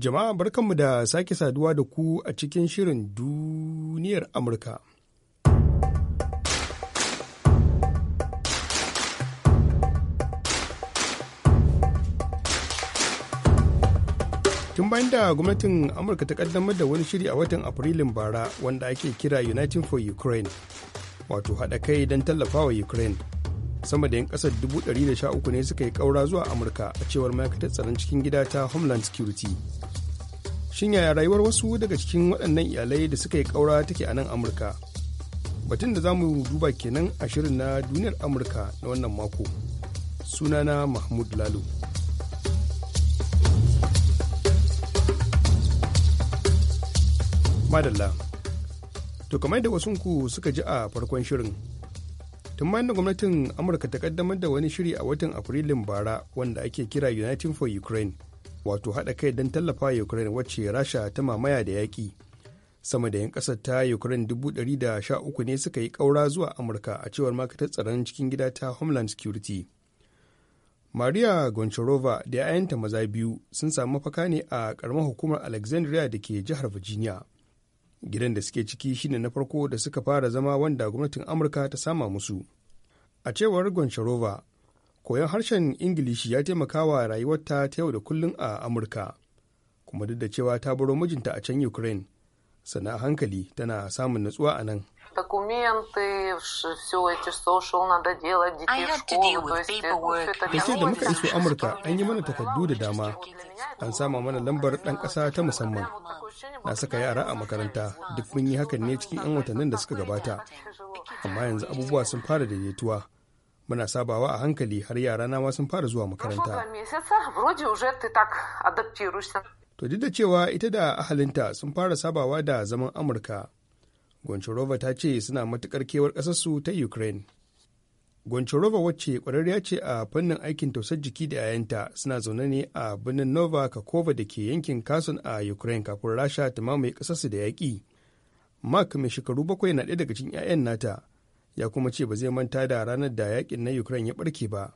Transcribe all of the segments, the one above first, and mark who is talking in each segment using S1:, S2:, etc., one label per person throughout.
S1: Jama'a barkanmu da sake saduwa da ku a cikin shirin duniyar Amurka. tun bayan da gwamnatin amurka ta kaddamar da wani shiri a watan afrilun bara wanda ake kira united for ukraine wato haɗa kai don tallafawa ukraine sama da 'yan ƙasar 113 ne suka yi ƙaura zuwa amurka a cewar ma'aikatar tsaron cikin gida ta homeland security shin yaya rayuwar wasu daga cikin waɗannan iyalai da suka yi ƙaura take a nan amurka batun da za mu duba kenan a shirin na duniyar amurka na wannan mako sunana mahmud lalo madalla to kamar da wasunku suka ji a farkon shirin tun bayan da gwamnatin amurka ta kaddamar da wani shiri a watan afrilun bara wanda ake kira united for ukraine wato haɗa kai don tallafa ukraine wacce rasha ta mamaya da yaƙi sama da 'yan ƙasar ta ukraine uku ne suka yi ƙaura zuwa amurka a cewar makatar tsaron cikin gida ta homeland security maria goncharova da 'ya'yanta maza biyu sun samu mafaka ne a ƙaramar hukumar alexandria da ke jihar virginia gidan da suke ciki shine na farko da suka fara zama wanda gwamnatin amurka ta sama musu a cewar goncharova koyon harshen ingilishi ya taimaka wa rayuwarta ta yau da kullum a amurka kuma duk da cewa ta baro mijinta a can ukraine sana hankali tana samun natsuwa a nan da muka iso Amurka an yi mana takardu da dama, an sama mana lambar ɗan ƙasa ta musamman. Na saka yara a makaranta, duk mun yi hakan ne cikin 'yan watannin da suka gabata. Amma yanzu abubuwa sun fara daidaituwa. muna sabawa a hankali har yara na sun fara zuwa makaranta to duk da cewa ita da ahalinta sun fara sabawa da zaman amurka goncharova ta ce suna matukar kewar ƙasarsu ta ukraine goncharova wacce ƙwararriya ce a fannin aikin tausar jiki da yayanta suna zaune ne a birnin nova kakova da ke yankin kasun a ukraine kafin rasha ta mamaye ƙasarsu da yaƙi mark mai shekaru bakwai na ɗaya daga cikin 'ya'yan nata ya kuma ce ba zai manta da ranar da yakin na Ukraine ya barke ba.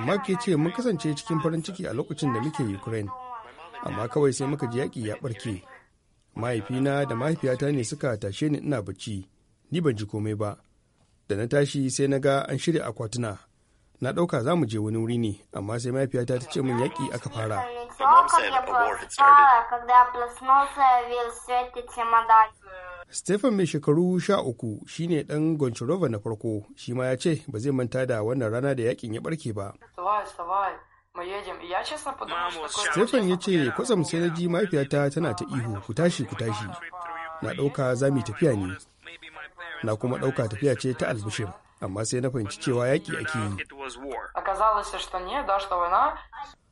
S1: Mark ya ce mun kasance cikin farin ciki a lokacin da muke Ukraine, amma kawai sai muka ji yaƙi ya ɓarke. Mahaifina da mahaifiyata ne suka tashe ni ina bacci, ni ban ji komai ba. Da na tashi sai na ga an shirya akwatuna. Na ɗauka za mu je wani wuri ne, amma sai mahaifiyata ta ce min yaƙi aka fara. Mom я Stephen mai shekaru sha uku ne ɗan Goncharova na farko shi ma ya ce ba zai manta da wannan rana da yakin ya barke ba. Stephen ya ce kwatsam sai na ji mahaifiyata tana ta ihu ku tashi ku tashi na ɗauka za mu tafiya ne na kuma ɗauka tafiya ce ta albishir amma sai na fahimci cewa yaƙi ake yi.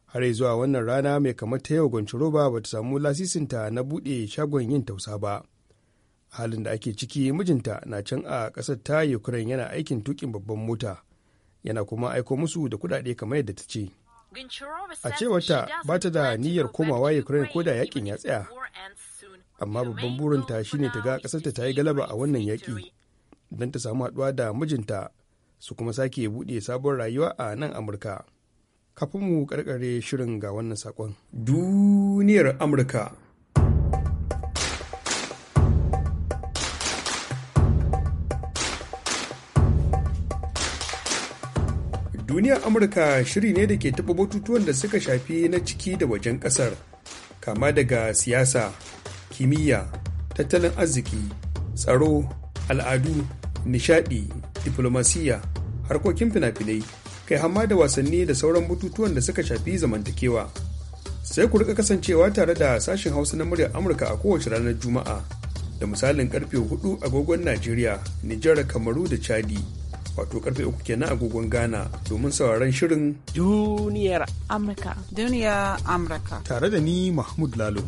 S1: har zuwa wannan rana mai kamar ta yau gwanciro ba ta samu lasisinta na buɗe shagon yin tausa ba halin da ake ciki mijinta na can a ƙasar ta ukraine yana aikin tukin babban mota yana kuma aiko musu da kuɗaɗe kamar yadda ta ce a cewarta ba ta da niyyar komawa ukraine ko da yakin ya tsaya amma babban burinta shine ta ga ƙasarta ta yi galaba a wannan yaƙi don ta samu haɗuwa da mijinta su kuma sake buɗe sabon rayuwa a nan amurka kafin mu karkare shirin ga wannan sakon. Duniyar Amurka. Duniyar Amurka shiri ne da ke taɓa batutuwan da suka shafi na ciki da wajen ƙasar, kama daga siyasa, kimiyya, tattalin arziki, tsaro, al'adu, nishaɗi, diplomasiya, harkokin fina-finai. kai hamma da wasanni da sauran bututuwan da suka shafi zamantakewa. Sai ku rika kasancewa tare da sashen Hausa na muryar Amurka a kowace ranar Juma'a da misalin karfe 4 agogon Najeriya, Nijar, Kamaru da Chadi. Wato karfe uku kenan agogon Ghana domin sauraron shirin Duniyar Amurka. Duniyar Amurka. Tare da ni Mahmud Lalo.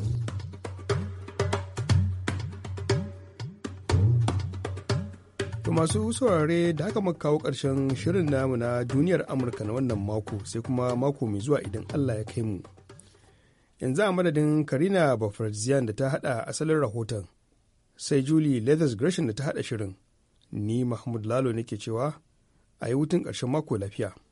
S1: masu saurare da aka muka kawo ƙarshen shirin namu na duniyar Amurka na wannan mako sai kuma mako mai zuwa idan Allah ya kai mu. Yanzu a madadin Karina Bafarziyan da ta haɗa asalin rahoton sai Julie Leathers Gresham da ta haɗa shirin. Ni Mahmud Lalo nake cewa a yi wutun ƙarshen mako lafiya.